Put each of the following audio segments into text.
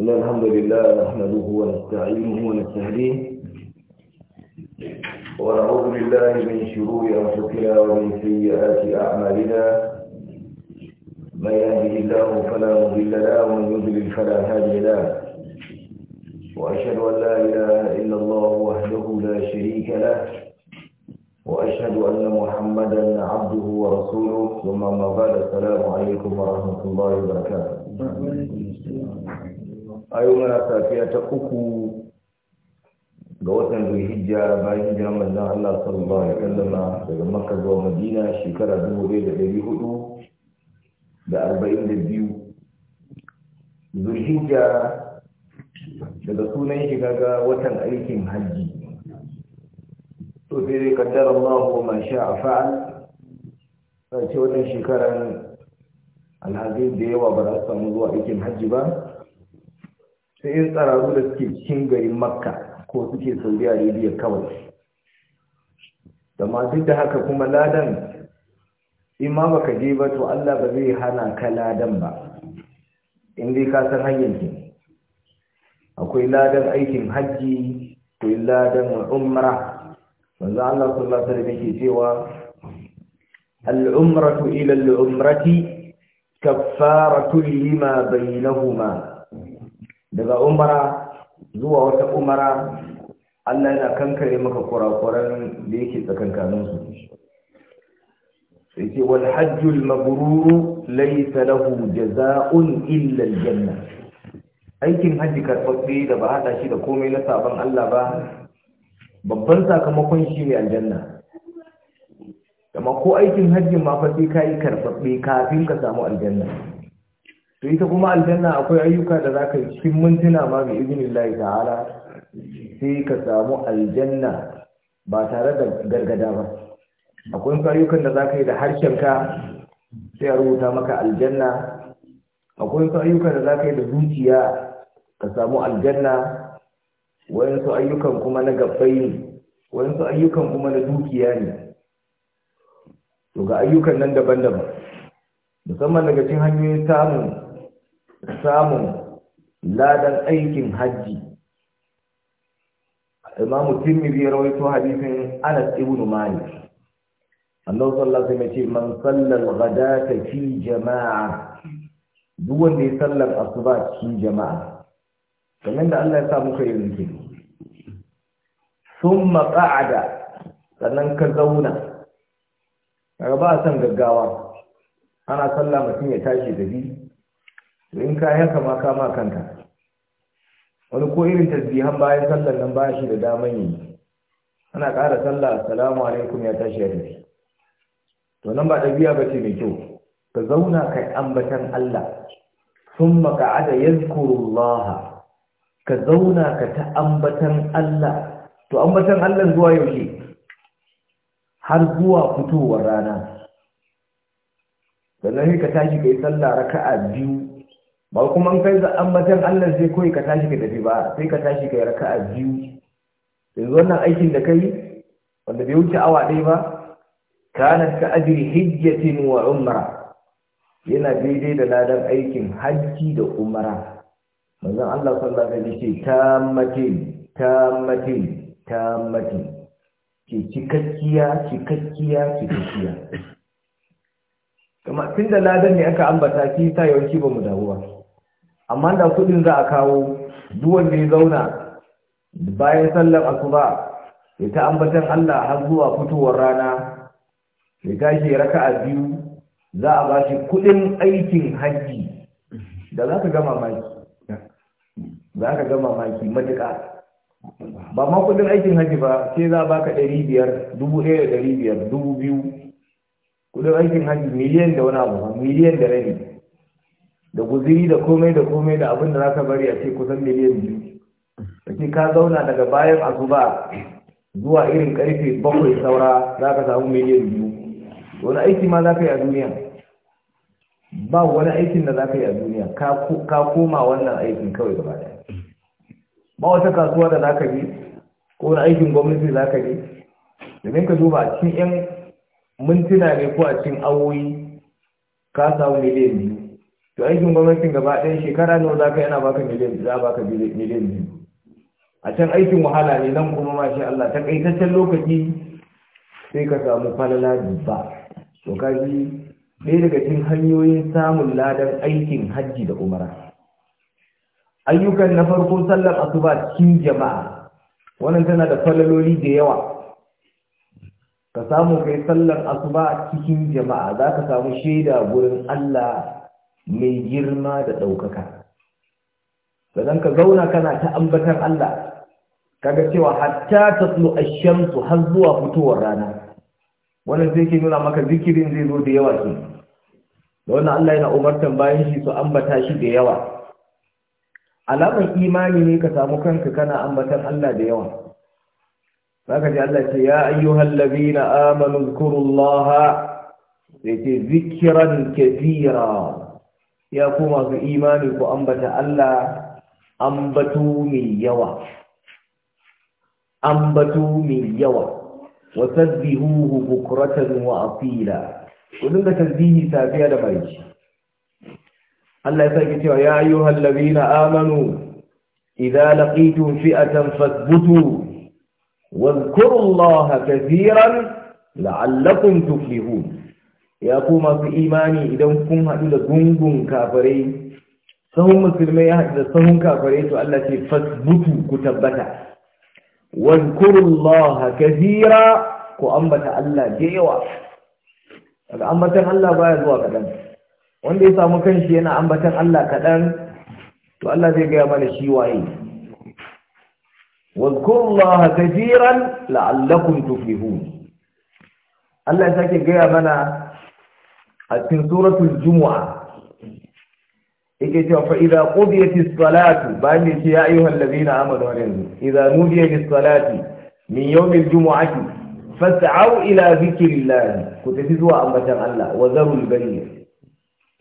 إن الحمد لله نحمده ونستعينه ونستهديه ونعوذ بالله من شرور أنفسنا ومن سيئات أعمالنا من يهده الله فلا مضل له ومن يضلل فلا هادي له وأشهد أن لا إله إلا الله وحده لا شريك له وأشهد أن محمدا عبده ورسوله ثم ما بعد السلام عليكم ورحمة الله وبركاته ayo muna safiya ta uku ga watan Zulhijja bayan hijiran manzon Allah sallallahu alaihi wasallam daga Makka zuwa Madina shekara 1442 Zulhijja daga sunan shi kaga watan aikin Haji, to sai dai kaddara Allah ko man sha'a fa'al sai wannan shekaran alhaji da yawa ba za su samu zuwa aikin haji ba sai yin tsararru da suke cikin garin makka ko suke saudi arabia kawai amma duk da haka kuma ladan in ma baka je ba to allah ba zai hana ka ladan ba in ka san hanyar ki akwai ladan aikin hajji akwai ladan umra manzo allah sallallahu alaihi yake cewa al'umratu umratu ila al kaffaratu lima bainahuma daga umara zuwa wata umara Allah yana kankare maka kurakuran da yake tsakankanin su sai ce wal hajjul mabrur laysa lahu jazaa'un illa al janna aikin haji karfafe da ba hada shi da komai na sabon Allah ba babban sakamakon shi ne aljanna kuma ko aikin hajjin ma fa sai kai karfafe kafin ka samu aljanna to ita kuma aljanna akwai ayyuka da za ka yi cikin mintuna ma bi iznillahi ta'ala sai ka samu aljanna ba tare da gargada ba akwai ayyukan da za ka yi da harshenka sai a rubuta maka aljanna akwai ayyukan da za ka yi da zuciya ka samu aljanna wayansu ayyukan kuma na gabbai wayansu ayyukan kuma na dukiya ne to ga ayyukan nan daban-daban musamman daga cikin hanyoyin samun samun ladan aikin hajji imam tirmidhi rawaito hadisin anas ibn malik annabi sallallahu alaihi ce man salla al-ghadata fi jama'a duk wanda ya sallar asuba cikin jama'a kamar da Allah ya sa muka yi rike thumma qa'ada sannan ka zauna kaga ba san gaggawa ana sallama mutum ya tashi da bi in ka yanka ma ka ma kanka wani ko irin tasbihan bayan sallar nan ba shi da daman yi ana ƙara sallah assalamu alaikum ya tashi ya tafi to nan ba ɗabi'a ba ce mai kyau ka zauna kai ambatan Allah sun maka'ada yazkurullah ka zauna ka ta ambatan Allah to ambatan Allah zuwa yaushe har zuwa fitowar rana sannan ka tashi kai sallah raka'a biyu ba kuma an kai ambatan Allah sai koyi ka tashi ka dafi ba sai ka tashi ka yi raka'a biyu yanzu wannan aikin da kai wanda bai wuce awa ɗaya ba kana ka ajri hijjatin wa umra yana daidai da ladan aikin hajji da umra manzon Allah sallallahu alaihi wasallam ya ce tammatin tammatin tammatin ke cikakkiya cikakkiya cikakkiya kamar tun da ladan ne aka ambata shi ta yawanci ba mu dawo ba amma da kudin za a kawo duwan da ya zauna bayan sallar asuba ya ta ambatan Allah har zuwa fitowar rana ya gashi raka'a biyu za a bashi kudin aikin haji da za ka ga mamaki za ka ga mamaki matuƙa ba ma kudin aikin haji ba sai za a baka ɗari biyar dubu ɗaya da ɗari biyar dubu biyu kudin aikin haji miliyan da wani abu miliyan da rabi da guziri da komai da komai da abin da za ka bari a ce kusan miliyan biyu kake ka zauna daga bayan asuba zuwa irin karfe bakwai saura za ka samu miliyan biyu wani aiki ma za ka yi a duniya ba wani aikin da za ka yi a duniya ka koma wannan aikin kawai gaba ɗaya ba wata kasuwa da za ka yi, ko wani aikin gwamnati za ka yi, domin ka duba a cikin 'yan mintuna ne ko a cikin awoyi ka samu miliyan biyu to aikin gwamnatin gaba ɗaya shekara nawa za ka yana baka miliyan za baka miliyan biyu a can aikin wahala ne nan kuma shi Allah takaitaccen lokaci sai ka samu falala ba to ji ɗaya daga cikin hanyoyin samun ladan aikin hajji da umara ayyukan na farko sallar asuba cikin jama'a wannan tana da falaloli da yawa ka samu kai sallar asuba cikin jama'a za ka samu shaida gurin Allah mai girma da ɗaukaka sannan ka zauna kana ta ambatar Allah kaga cewa hatta tatlu ash-shamsu har zuwa fitowar rana wannan sai ke nuna maka zikirin zai zo da yawa ke da wannan Allah yana umartan bayan shi su ambata shi da yawa Alamar imani ne ka samu kanka kana ambatar Allah da yawa zaka ji Allah ce ya ayyuhal ladina amanu zkurullaha sai ce zikiran kathira ya ku masu imani ku ambata Allah ambatu mai yawa ambatu mai yawa wa tasbihuhu bukratan wa asila ku dinga tasbihi safiya da barci Allah ya sake cewa ya ayyuhal ladina amanu idza laqitum fi'atan fasbutu واذكروا الله كثيرا لعلكم تفلحون ya ku masu imani idan kun haɗu da gungun kafirai sahun musulmai ya haɗu da sahun kafirai to Allah ce fasbutu ku tabbata wadkurullaha kathira ku ambata Allah da yawa daga ambatan Allah baya zuwa kaɗan wanda ya samu kanshi yana ambatan Allah kaɗan to Allah zai gaya mana shi waye wadkurullaha kathiran la'allakum tuflihun Allah ya sake gaya mana a cikin suratul jumu'a yake cewa fa idza qudiyatis salatu bayan ya ce ya ayyuhal ladina amanu wa yanzu idza nudiya lis salati min yawmil jumu'ati fas'au ila dhikrillah ku tafi zuwa ambatan Allah wa zarul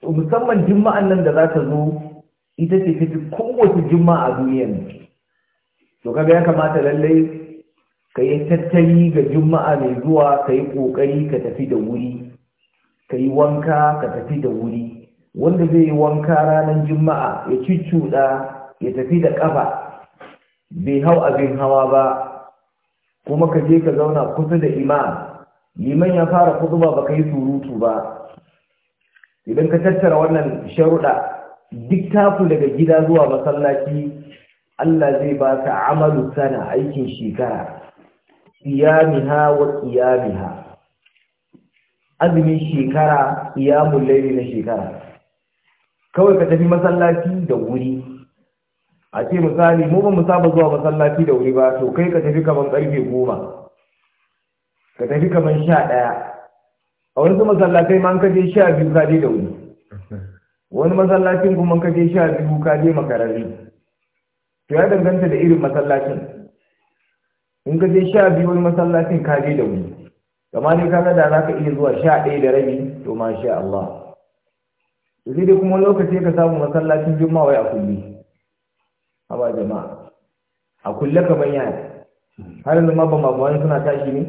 musamman juma'an nan da za ta zo ita ce tafi kowace juma'a a duniyan to kaga ya kamata lallai ka yi tattali ga juma'a mai zuwa ka yi kokari ka tafi da wuri ka yi wanka ka tafi da wuri wanda zai yi wanka ranar juma'a ya cuccuɗa ya tafi da ƙafa bai hau abin hawa ba kuma ka je ka zauna kusa da imam liman ya fara kutuba ba ka yi surutu ba idan ka tattara wannan sharuɗa duk tafi daga gida zuwa masallaci Allah zai ba ka amalu sana aikin shekara qiyamiha wa qiyamiha azumin shekara ya laili na shekara kawai ka tafi masallaci da wuri a ce misali mu ba mu saba zuwa masallaci da wuri ba to kai ka tafi kaman karfe goma ka tafi kaman sha ɗaya a wani masallatai ma an kaje sha biyu ka je da wuri wani masallacin kuma an kaje sha biyu ka je makararri to ya danganta da irin masallacin in ka je sha biyu wani masallacin ka je da wuri kamar ni kaga da zaka iya zuwa sha ɗaya da rabi to sha Allah to sai dai kuma lokaci ka samu masallacin juma'a wai a kulli haba jama'a a kulle kamar yaya har yanzu ma ban mabuwan suna tashi ne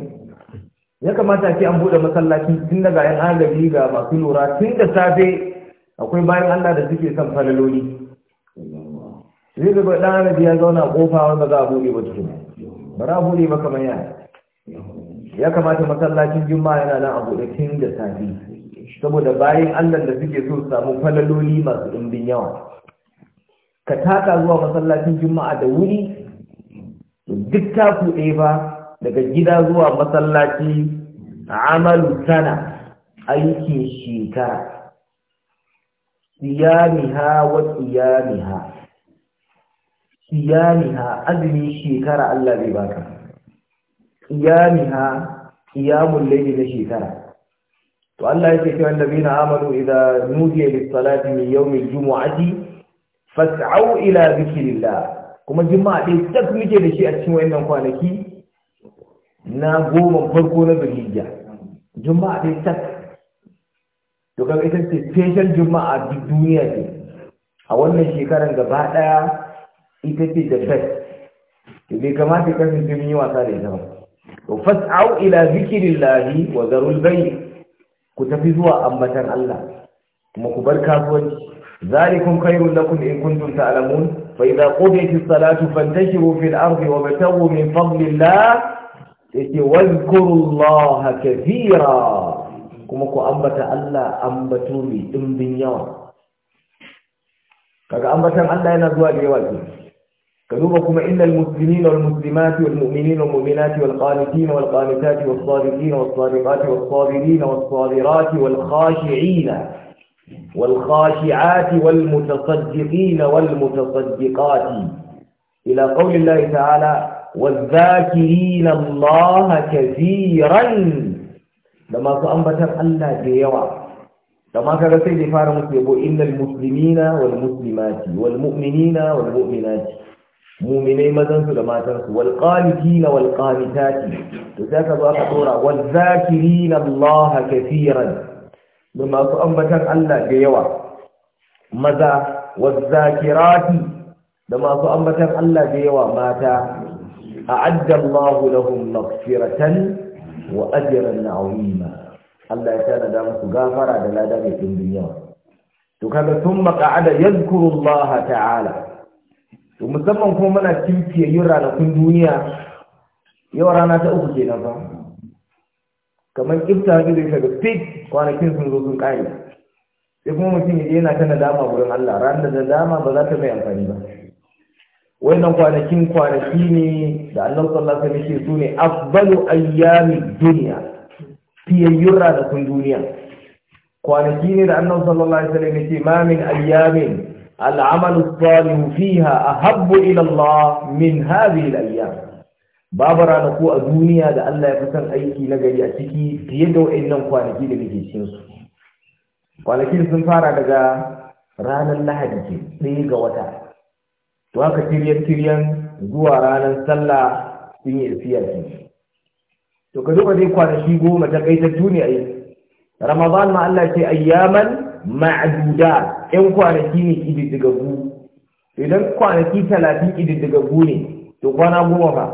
ya kamata ki an buɗe masallaci tun daga yan agaji ga masu lura tun da safe akwai bayan Allah da suke son falaloli zai ga ɗan arabi ya zauna kofa wanda za a buɗe ba tukuna ba za a buɗe ba kamar yaya ya kamata masallacin juma'a yana nan a buɗe tun da safi saboda bayan allah da suke so samu falaloli masu ɗumbin yawa ka taka zuwa masallacin juma'a da wuri duk taku ɗaya ba daga gida zuwa masallaci amalu sana aikin shekara siyamiha wa siyamiha siyamiha azumin shekara Allah zai baka qiyamiha qiyamul layli da shekara to Allah yake cewa annabina amanu idza nudiya lis salati min yawmil jumu'ati fas'au ila dhikrillah kuma juma'a dai tak muke da shi a cikin wannan kwanaki na goma farko na zulhijja juma'a dai tak to kaga ita ce special juma'a duk duniya ce a wannan shekaran gaba daya ita ce da best bai kamata kasance mun yi wasa da ita ba to fas'au ila zikirillahi wa zarul bay ku tafi zuwa ambatan Allah kuma ku bar kasuwanci zalikum khairul lakum in kuntum ta'lamun fa idza qudiyat salatu fantashiru fil ardi wabtaghu min fadlillah yake wadhkurullaha kathira kuma ku ambata Allah ambato mai dimbin yawa kaga ambatan Allah yana zuwa da yawa كذبكم إن المسلمين والمسلمات والمؤمنين والمؤمنات والقانتين والقانتات والصادقين والصادقات والصابرين والصابرات والخاشعين والخاشعات والمتصدقين والمتصدقات إلى قول الله تعالى والذاكرين الله كثيرا لما سأنبتا ألا ديوا لما سيدي فارمس يقول إن المسلمين والمسلمات والمؤمنين والمؤمنات muminai mazansu da matansu wal qanitina wal qanitati to za ka zo ka dora wal zakirina Allah kafiran da masu ambatan Allah da yawa maza wal zakirati da masu ambatan Allah da yawa mata a'adda Allah lahum maghfiratan wa ajran 'azima Allah ya tana da musu gafara da lada mai ɗin yawa to kaga thumma qa'ada yadhkuru Allah ta'ala to musamman kuma muna yin ranakun duniya yau rana ta uku ke nan ba kamar haɗu da zai shaga fit kwanakin sun zo sun kare sai kuma mutum ya yana ta nadama wurin Allah Rana da nadama ba za ta mai amfani ba wannan kwanakin kwanaki ne da Allah sallallahu alaihi wasallam su ne afdalu ayyami fiye fiyayyun ranakun duniya kwanaki ne da Allah sallallahu alaihi wasallam ya ce ma min العمل الصالح فيها أحب إلى الله من هذه الأيام babu ranaku a duniya da Allah ya fi son aiki na gari a ciki fiye da wa'annan kwanaki da muke su kwanakin sun fara daga ranar lahadi ke ɗaya ga wata to haka tiryan tiryan zuwa ranar sallah sun yi isiya to ka duba dai kwanaki goma ta kai ta duniya yi ramadan ma Allah ce ayyaman ma'aduda yan kwanaki ne ƙididdigagu. idan kwanaki talatin ƙididdigagu ne to kwana goma ba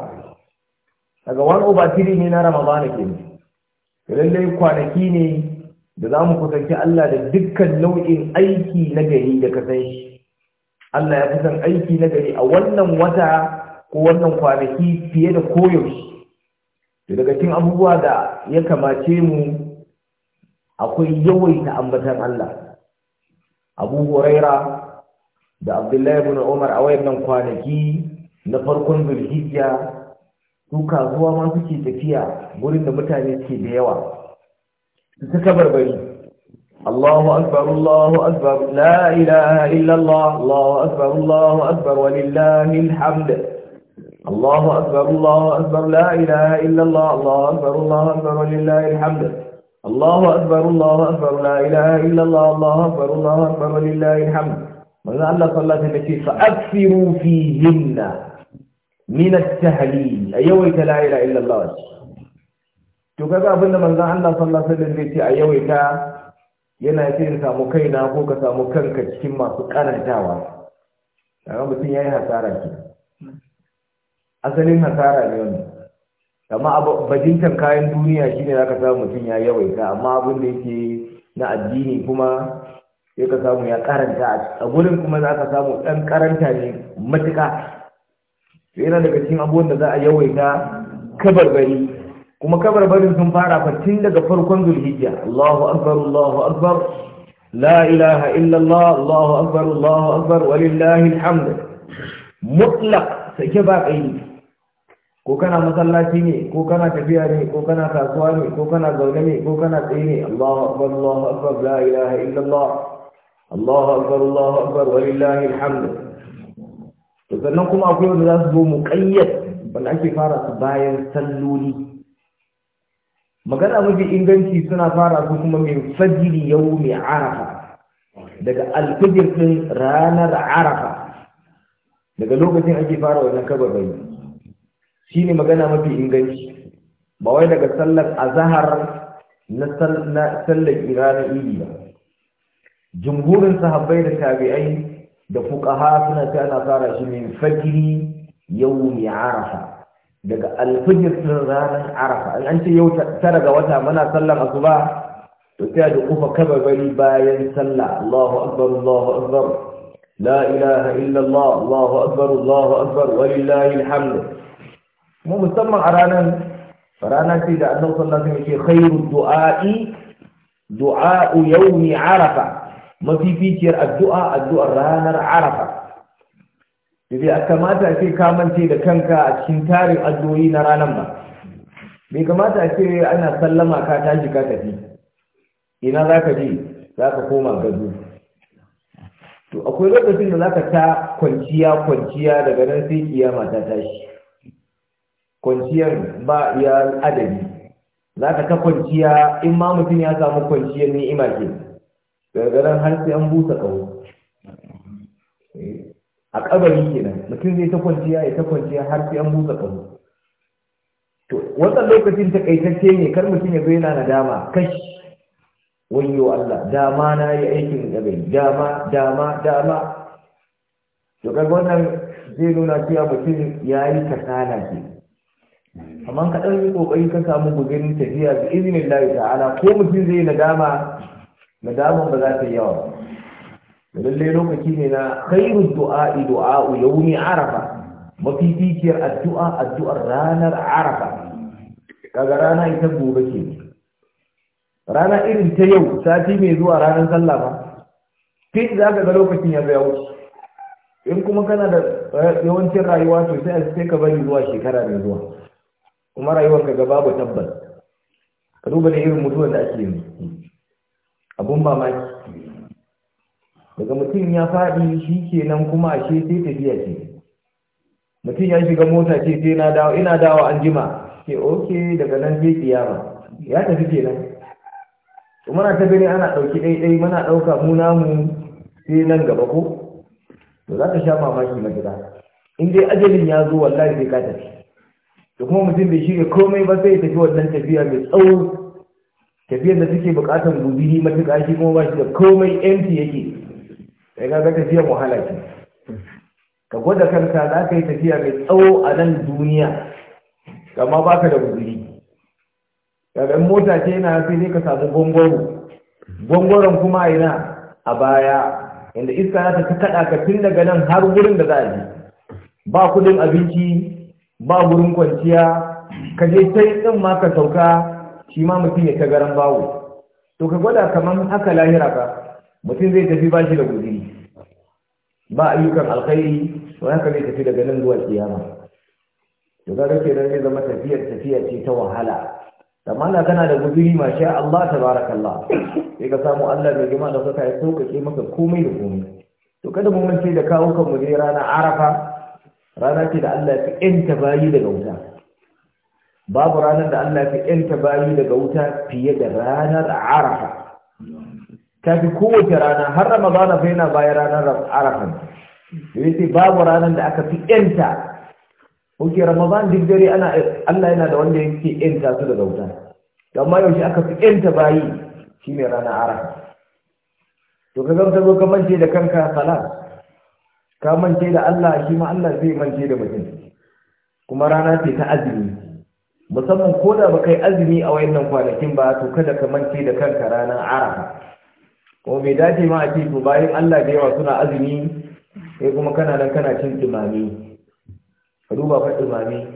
daga wani obatiri ne na ramadana ke lallai kwanaki ne da za mu kusanci Allah da dukkan nau'in aiki na gari da ka san shi Allah ya kusan aiki na gari a wannan wata ko wannan kwanaki fiye da koyaushe daga cikin abubuwa da ya kamace mu akwai yawaita ambatan Allah Abu Huraira da Abdullah ibn Umar a wayannan kwanaki na farkon Zulhijja su kasuwa ma suke tafiya gurin da mutane suke da yawa su ta barbari Allahu akbar Allahu akbar la ilaha illa Allah Allahu akbar Allahu akbar walillahi alhamd Allahu akbar Allahu akbar la ilaha illa Allah Allahu akbar Allahu akbar walillahi alhamd الله أكبر الله أكبر لا إله إلا الله الله أكبر الله أكبر لله الحمد وإذا أن صلاته التي فأكثروا فيهن من التهليل أيويت لا إله إلا الله شو كذا أبنى من ذا أن صلى الله عليه وسلم أيويت yana cikin samu kaina ko ka samu kanka cikin masu karantawa kaga mutum yayi hasara ki asalin hasara ne wannan amma bajintan kayan duniya shi shine zaka samu mutum ya yawaita amma abin da yake na addini kuma sai ka samu ya karanta a gurin kuma za ka samu ɗan karanta ne matuka su yana daga cikin abubuwan da za a yawaita kabarbari kuma kabarbarin sun fara fatin daga farkon zulhijja Allahu akbar Allahu akbar la ilaha illallah Allahu akbar Allahu akbar walillahi alhamd mutlaq sake ba kai ko kana masallaci ne ko kana tafiya ne ko kana kasuwa ne ko kana zaune ne ko kana tsaye ne Allahu akbar Allahu akbar la ilaha illa Allah Allahu akbar Allahu akbar walillahi alhamd to sannan kuma akwai wanda za su zo muqayyad wanda ake fara su bayan salloli magana mafi inganci suna fara su kuma min fajri yawmi arafa daga alfajir din ranar arafa daga lokacin ake fara wannan kabarbari shi ne magana mafi inganci ba wai daga sallar azahar na sallar iranar iri ba jumhurin sahabbai da tabi'ai da fuqaha suna ta ana fara shi min yau mai arafa daga alfajir ranar arafa in an ce yau tara ga wata mana sallar ba. to sai da kufa kabari bayan sallah Allahu akbar Allahu akbar la ilaha illallah. Allahu akbar Allahu akbar walillahi kuma musamman a ranar rana ce da annabi sallallahu alaihi wasallam yake khairu du'a'i du'a'u yawmi arafa mafificiyar addu'a addu'ar ranar arafa sai a kamata ce ka mance da kanka a cikin tarin addu'o'i na ranar ba bai kamata a ce ana sallama ka tashi ka tafi ina za ka je za ka koma gado to akwai lokacin da za ka ta kwanciya kwanciya daga nan sai kiyama ta tashi kwanciyar ba iya adadi za ka ka kwanciya in ma mutum ya samu kwanciyar ima ke gargaran har sai an busa kawo a kabari nan, mutum zai ta kwanciya ya ta kwanciya har sai an busa kawo to wannan lokacin ta takaitacce ne kar mutum ya zai na nadama kashi wayo Allah dama na yi aikin da bai dama dama dama to kaga wannan zai nuna cewa mutum ya yi kasala ke amma ka ɗan yi ƙoƙari ka samu gugurin tafiya da izinin layi ta'ala ko mutum zai nadama nadama ba za ta yawa ba lallai lokaci ne na khairu du'a du'a'u yawmi arafa mafificiyar addu'a addu'ar ranar arafa kaga rana ita gobe ke rana irin ta yau sati mai zuwa ranar sallah ba Kin za ka ga lokacin ya ya wuce in kuma kana da eh, yawancin rayuwa sosai sai ka bari zuwa shekara mai zuwa kuma rayuwar ka gaba ba tabbas ka duba da irin mutuwar da ake yi abun mamaki daga mutum ya faɗi shi kenan kuma ce sai tafiya ce mutum ya shiga mota ce sai na dawo ina dawo an jima ke oke daga nan zai kiyama ya tafi kenan muna ta gani ana ɗauki ɗaiɗai muna ɗauka mu namu sai nan gaba ko to za ka sha mamaki na gida in dai ajalin ya zo wallahi sai ka tafi da kuma mutum bai shirya komai ba sai tafi wannan tafiya mai tsawo tafiyar da suke bukatar guziri matuƙa shi kuma ba shi da komai empty yake sai ka ga tafiyar wahala ce ka gwada kanka za ka yi tafiya mai tsawo a nan duniya kama ba ka da guziri kaga mota ce yana sai dai ka samu gwangwaro gwangwaron kuma a ina a baya inda iska za ta kaɗa ka tun daga nan har wurin da za a je ba kudin abinci ba gurin kwanciya ka je sai din ma ka sauka shi ma mutum ya ta garan bawo to ka gwada kamar haka lahira ka mutum zai tafi ba shi da guziri ba ayyukan alkhairi to haka zai tafi daga nan zuwa kiyama to ga rake nan zai zama tafiyar tafiya ce ta wahala amma kana da guziri ma sha Allah tabarakallah sai ka samu Allah mai jama'a da suka ya sauƙaƙe maka komai da komai to kada mu mance da kawo kan mu rana arafa rana ce da Allah fi ‘yanta bayi daga wuta babu ranar da Allah fi ‘yanta bayi daga wuta fiye da ranar arafa ta fi kowace rana har ba fa faina bayan ranar arafa da ce babu ranar da aka fi ‘yanta ok ramadan duk dare ana Allah yana da wanda yake ‘yanta su daga wuta amma yaushe aka fi ‘yanta bayi shi ne ranar arafa to ka zama ta zo kamar ce da kanka salat ka mance da Allah shi ma Allah zai mance da mutum kuma rana ce ta azumi musamman ko da ba kai azumi a wayannan kwanakin ba to kada ka mance da kanka ranar arafa ko bai dace ma a ce to bayan Allah da yawa suna azumi sai kuma kana nan kana cin dumame ka duba fa dumame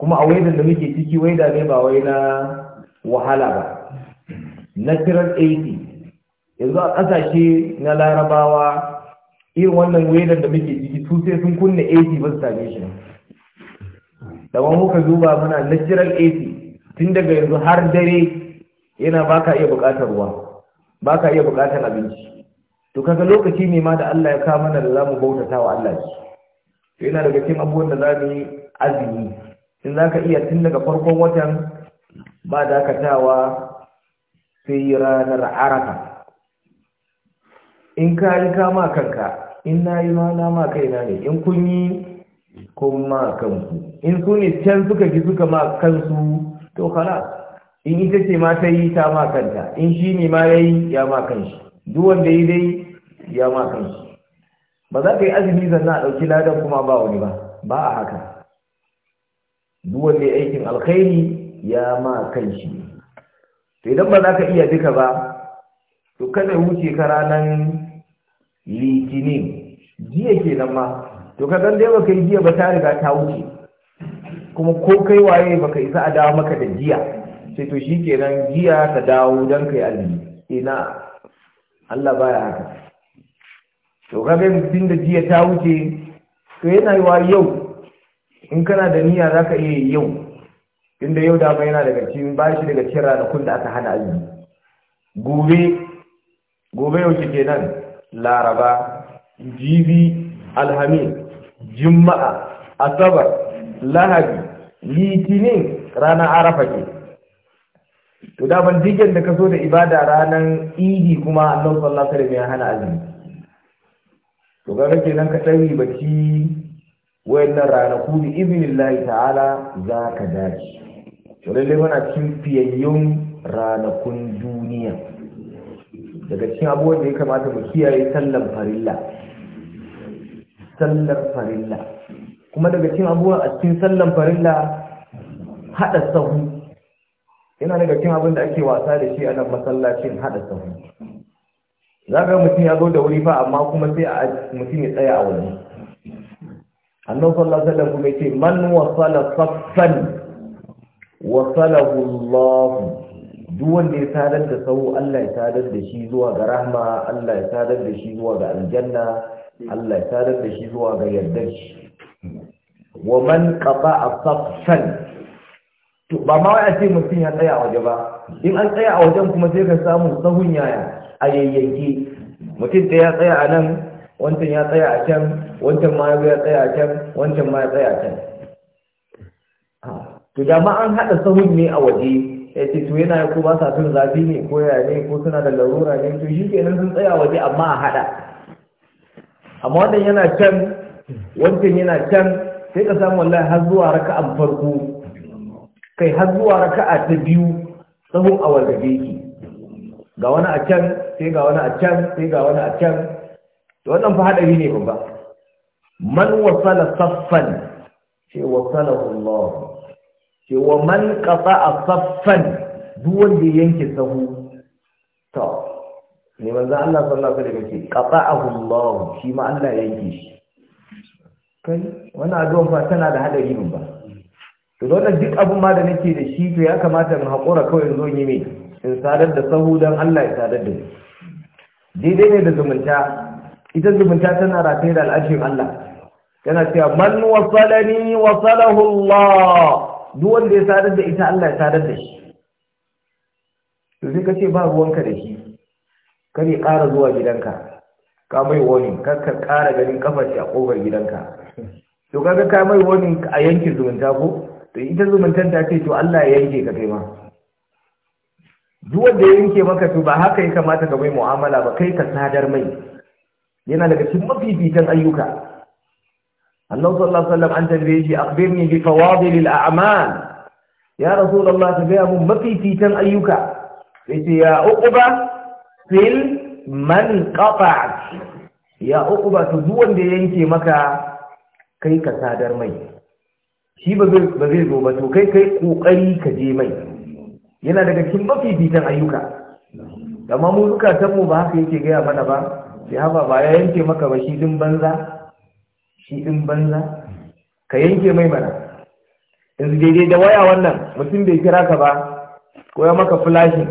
kuma a wayar da muke ciki wai da ne ba wai na wahala ba natural 80 yanzu a ƙasashe na larabawa irin wannan wedan da muke ciki su sun kunna AC ba su same shi wani muka duba muna natural AC tun daga yanzu har dare yana baka iya bukatar ruwa baka iya bukatar abinci to kaga lokaci ne ma da Allah ya ka mana da zamu bautata wa Allah shi to yana daga cikin abubuwan da zamu yi azumi in zaka iya tun daga farkon watan ba dakatawa sai ranar araka in ka yi kama kanka in na yi ma na ma kaina ne in kun yi kun ma kanku in su ne can suka ji suka ma kansu to kala in ita ce ma ta yi ta ma kanta in shi ne ma ya yi ya ma kanshi duk wanda yi dai ya ma kanshi ba za ka yi azumi zanna a ɗauki ladan kuma ba wani ba ba a haka duk wanda aikin alkhairi ya ma kanshi to idan ba za ka iya duka ba to kada wuce ka ranar litinin jiya kenan ma to ka dan dai baka yi jiya ba ta riga ta wuce kuma ko kai waye baka isa a dawo maka da jiya sai to shi kenan jiya ka dawo don kai azumi ina Allah baya haka to ga mutum da jiya ta wuce to yana yi wa yau in kana da niyya za ka iya yau inda yau dama yana daga cikin ba shi daga cikin ranakun da aka hana azumi gobe gobe yau ke nan laraba jibi alhamis juma'a asabar lahadi litinin ranar arafa ke to daban digin da ka so da ibada ranar idi kuma allon sallallahu alaihi hana azumi to ga kake nan ka tsari baki wayannan ranaku bi iznillahi ta'ala za ka dace to lalle muna cikin fiyayyun ranakun duniya daga cikin abubuwan da ya kamata mu kiyaye sallar farilla sallar farilla kuma daga cikin abubuwan a cikin sallar farilla haɗa sahu yana daga cikin abin da ake wasa da shi a nan masallacin haɗa sahu za ga mutum ya zo da wuri fa amma kuma sai a mutum ya tsaya a wani annan sallar sallar kuma ya ce man wasala saffan wasalahu allahu duk wanda ya sadar da sau Allah ya sadar da shi zuwa ga rahma Allah ya sadar da shi zuwa ga aljanna Allah ya sadar da shi zuwa ga yardar shi wa man qata'a safsan to ba ma wai a ce mutum ya tsaya a waje ba in an tsaya a wajen kuma sai ka samu sahun yaya a yayyanke mutum da ya tsaya a nan wancan ya tsaya a can wancan ma ya tsaya a can wancan ma ya tsaya a can ah, to da ma an haɗa sahun ne a waje ya ce to yana ko ba sa sun zafi ne ko ya ne ko suna da larura ne to shi kenan sun tsaya waje amma a haɗa amma wannan yana can wancan yana can sai ka samu wallahi har zuwa raka'an farko kai har zuwa raka'a ta biyu sahun a wargabe ga wani a can sai ga wani a can sai ga wani a can to wannan fa hadari ne babba man wasala saffan ce wasalahu Allah ce wa man kasa a saffan duk wanda ya yanke sahu to ne manzo Allah sallallahu alaihi wasallam ce a Allah shi ma Allah ya yanke shi kai wani addu'a ba tana da hadari ba to dole duk abun ma da nake da shi to ya kamata in hakura kawai zo yi mai in sadar da sahu dan Allah ya sadar da ni dai ne da zumunta ita zumunta tana rataye da al'ashin Allah yana cewa man wasalani wasalahu Allah duk wanda ya sadar da ita Allah ya sadar da shi to sai ka ba ruwanka da shi kar ya ƙara zuwa gidanka ka mai warning kar ka ƙara ganin kafar shi a ƙofar gidanka to kaga ka mai warning a yankin zumunta ko to ita zumuntar ta ce to Allah ya yanke ka kai ma duk wanda ya yanke maka to ba haka ya kamata ka mai mu'amala ba kai ka sadar mai yana daga cikin mafificin ayyuka annabi sallallahu an tambaye shi akhbirni bi fawadil al a'mal ya rasulullah ta gaya mun mafificin ayyuka yace ya uquba fil man qata'at ya uquba to duk wanda yanke maka kai ka sadar mai shi ba zai zo ba to kai kai kokari ka je mai yana daga cikin mafi fitan ayyuka amma mu ta mu ba haka yake gaya mana ba sai haba ba ya yanke maka ba shi din banza shi in banza ka yanke mai mana yanzu daidai da waya wannan mutum bai kira ka ba ko ya maka flashin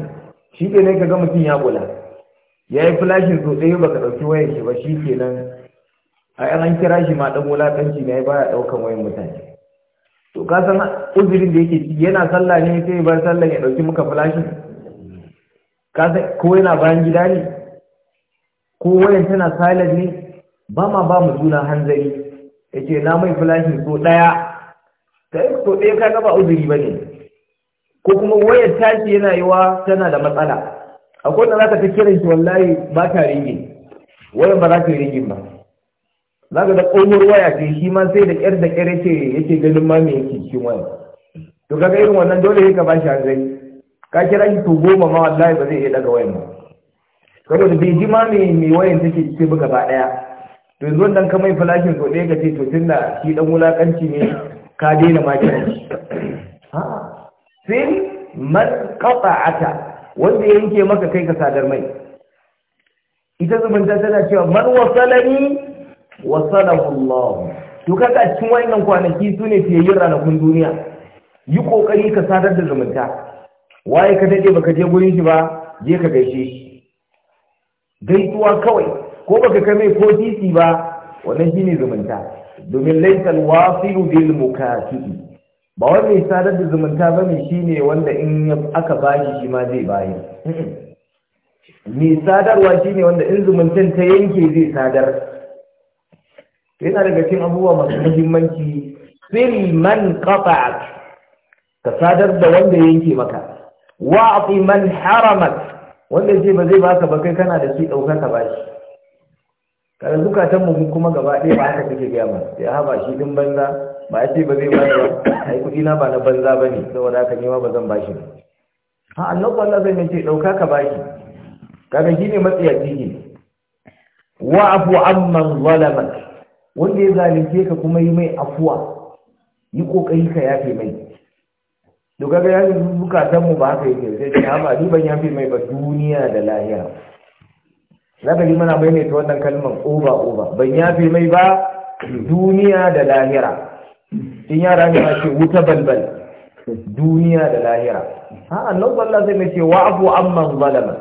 shi ke ne ka ga mutum ya bula ya yi flashin so ɗaya baka ɗauki wayar shi ba shi ke nan a yan an kira shi ma ɗan wulaƙanci ne baya ɗaukan wayan mutane to ka san uzurin da yake ci, yana sallah ne sai bar sallah ya ɗauki maka flashin ka san ko yana bayan gida ne ko wayan tana silent ne ba ma ba mu juna hanzari ya ce na mai flashin so ɗaya ta yi so ɗaya kaga ba uzuri ba ne ko kuma wayar tashi yana yi wa tana da matsala akwai da za ka ta kiran shi wallahi ba ta rigin wayan ba za ta yi rigin ba za ka da ƙomar waya ce shi ma sai da ƙyar da ƙyar yake yake ganin ma mai yake cikin waya to kaga irin wannan dole ya ka ba shi zai. ka kira shi to goma ma wallahi ba zai iya daga wayan ba saboda bai ji ma mai wayan take ba ɗaya to yanzu wannan ka mai falakin so ɗaya ka ce to tunda shi dan wulakanci ne ka daina ma kiran shi sai man qata'ata wanda ya yanke maka kai ka sadar mai ita zumunta tana cewa man wasalani wasalahu Allah to kaga cikin wannan kwanaki su ne fiye ranakun duniya yi kokari ka sadar da zumunta waye ka dade baka je gurin shi ba je ka gaishe shi gaisuwa kawai ko baka ka kame ko titi ba wannan shine zumunta domin laysal wasilu bil mukatibi ba wanda ya sadar da zumunta ba mai shine wanda in aka bashi shi ma zai bayi mai sadarwa shine wanda in zumuntan ta yanke zai sadar yana daga cikin abubuwa masu muhimmanci fil man qata'ak ka sadar da wanda yanke maka wa'ti man haramat wanda ce ba zai baka ba kai kana da shi dauka ka bashi kada zukatan mu kuma gaba ɗaya ba haka take gaya mana ya haba shi din banza ba ya ce ba zai ba ba ai kuɗi na ba na banza ba ne saboda haka nema ba zan ba shi ba ha Allah ba Allah zai mai ce ɗauka ka bashi. Kada kaga shi ne matsiyaci ne wa afu amman zalamak wanda ya zalunce ka kuma yi mai afuwa yi kokari ka yafe mai to kaga ya zukatan mu ba haka yake sai ya ha ba ni ban yafe mai ba duniya da lahira mana muna ta wannan kalmar uba uba ban yafe mai ba duniya da lahira in yara ne a ce wuta balbal duniya da lahira ha annabi sallallahu alaihi wa ce wa'fu amman zalama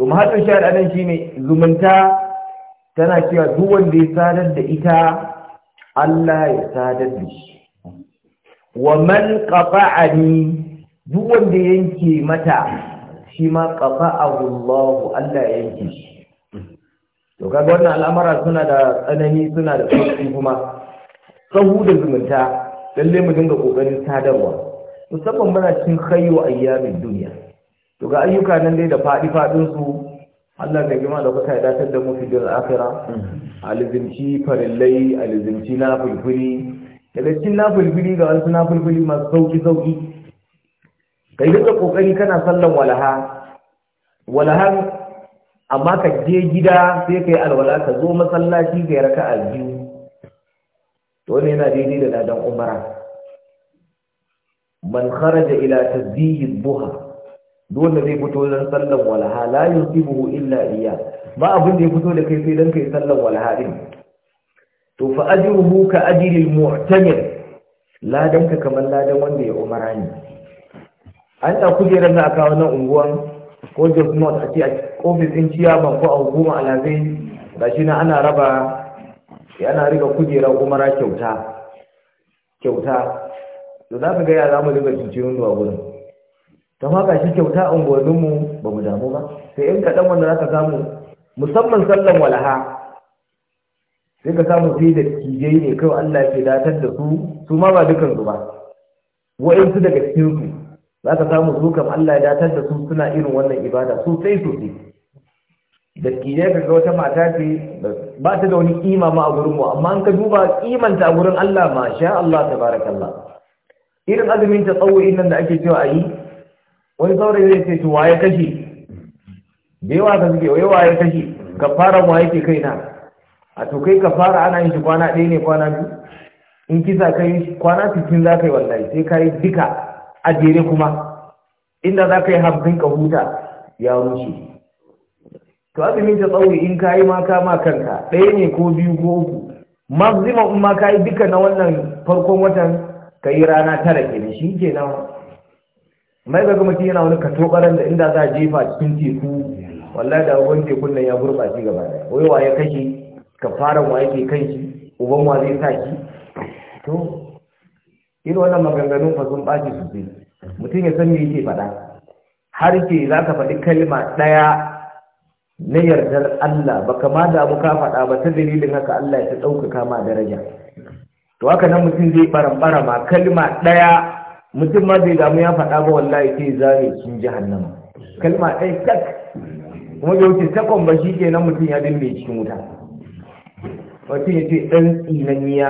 to mahallin shahid anan ne. zumunta tana cewa duk wanda ya sadar da ita Allah ya sadar da shi wa man qata'ani duk wanda yanke mata shi ma qata'ahu Allah Allah ya yanke shi to kaga wannan al'amara suna da tsanani suna da sauƙi kuma sahu da zumunta lalle mu dinga kokarin sadarwa musamman muna cikin khayyu ayyamin duniya to ga ayyuka nan dai da faɗi faɗin su Allah ne jima da kuka datar da mu fi dil akhira mm-hmm. alizinci farillai alizinci na fulfuli kada cikin na fulfuli ga wasu na fulfuli masu sauki sauki kai duka kokari kana sallan walaha walahan amma ka je gida sai ka yi alwala ka zo masallaci ka yi raka a biyu to ne yana daidai da ladan umara man kharaja ila tasbihi Buha, dole zai fito don sallan walaha la yusibuhu illa iya ba abin da ya fito da kai sai dan kai sallan walaha din to fa ajruhu ka ajri al-mu'tamir ladan ka kamar ladan wanda ya umara ne an ta kujerar da aka wannan unguwan ko just not a ce ofis ɗin ban ko a hukuma alhazai ga shi na ana raba ana riga kujera umara kyauta kyauta to za ka gaya za mu riga cincirin gudun to ta haka shi kyauta a unguwanninmu ba mu damu ba sai in kaɗan wanda za ka samu musamman sallan walaha sai ka samu sai da kijai ne kawai Allah ke datar da su su ma ba dukan su ba wa'insu daga cikin su za ka samu su kam Allah ya datar da su suna irin wannan ibada sosai sosai da kije ka ga wata mata ce ba ta da wani kima ma a gurin mu amma an ka duba kimanta a gurin Allah ma sha Allah tabarakallah irin azumin ta tsawo idan da ake cewa ayi wani saurayi zai ce to waye kashi da yawa ka suke waye waye kashi ka fara mu yake na? a to kai ka fara ana yin shi kwana ɗaya ne kwana biyu in kisa kai kwana sittin za ka yi wallahi sai ka yi duka a jere kuma inda za ka yi hamsin ka huta ya rushe to azumin ta tsawo in ka yi ma kanka ɗaya ne ko biyu ko uku mazima in ma ka yi duka na wannan farkon watan ka yi rana tara kenan shi ke nan mai ga gama yana wani katobaran da inda za a jefa cikin teku wallahi da abubuwan tekun nan ya gurɓace gaba da wai wa ya kashe ka fara wa yake kan shi uban wa zai sa shi to irin wannan maganganun fa sun ɓaci sosai mutum ya san me yake faɗa har ke za ka faɗi kalma ɗaya na yardar Allah ba kama da abu ka faɗa ba ta dalilin haka Allah ya ta ɗaukaka ma daraja to haka nan mutum zai barambara ma kalma ɗaya mutum ma zai damu ya faɗa ba wallahi sai zare cikin jahannama kalma ɗaya tak kuma da wuce takon ba shi nan mutum ya dinne cikin wuta mutum ya ce ɗan tsinaniya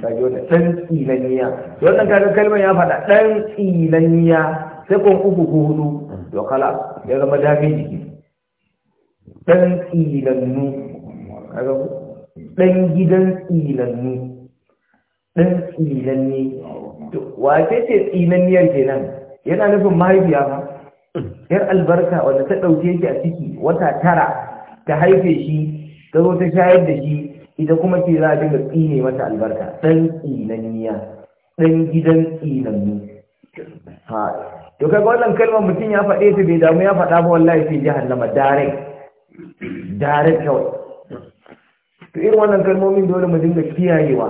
kaji wata ɗan tsinaniya wannan kaga kalmar ya faɗa ɗan tsinaniya takon uku ko hudu to kala ya zama dafi jiki dan tsilannu kaga dan gidan nu dan ni to wace ce tsinanniyar kenan yana nufin mahaifiya ba yar albarka wanda ta dauke shi a ciki wata tara ta haife shi ta zo ta shayar da shi ita kuma ce za a dinga tsine mata albarka ɗan tsinanniya ɗan gidan tsinanni nu to kaga wannan kalmar mutum ya faɗe ta bai damu ya faɗa ba wallahi fi hallama dare dare kawai to irin wannan kalmomin dole mu dinga kiyayewa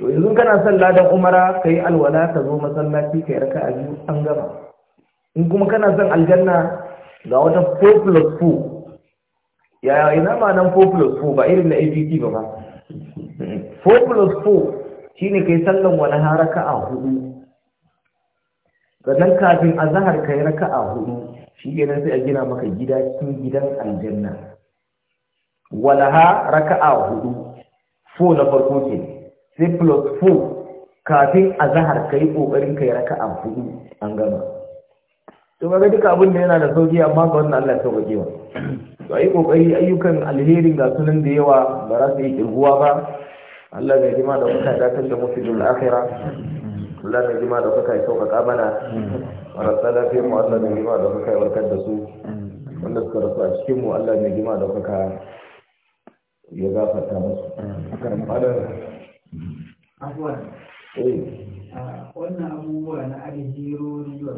to yanzu kana son ladan umara kai alwala ka zo masallaci kai raka a biyu an gama in kuma kana son aljanna ga wata 4 plus 4 ya ina ma nan 4 plus 4 ba irin na abc ba ba 4 plus 4 shine kai sallan wani haraka a hudu sannan kafin a zahar ka yi raka'a hudu shi kenan sai a gina maka gida cikin gidan aljanna walaha raka'a hudu fo na farko ke sai plus fo kafin a zahar ka yi ƙoƙarin ka yi raka'a hudu an gama to ga duka abin da yana da sauki amma ga wannan Allah ya sauke wa to ayi kokari ayyukan alherin ga sunan da yawa ba za su yi kirguwa ba Allah ya jima da mutane da kan da mutu Allah jima da kuka yi sauƙaƙa mana marasa lafiyar mu Allah mai jima da kuka yi warkar da su wanda suka rasu a cikin mu Allah mai jima da kuka ya gafarta musu karam fadar abuwa eh. ah, wannan abubuwa na aka jero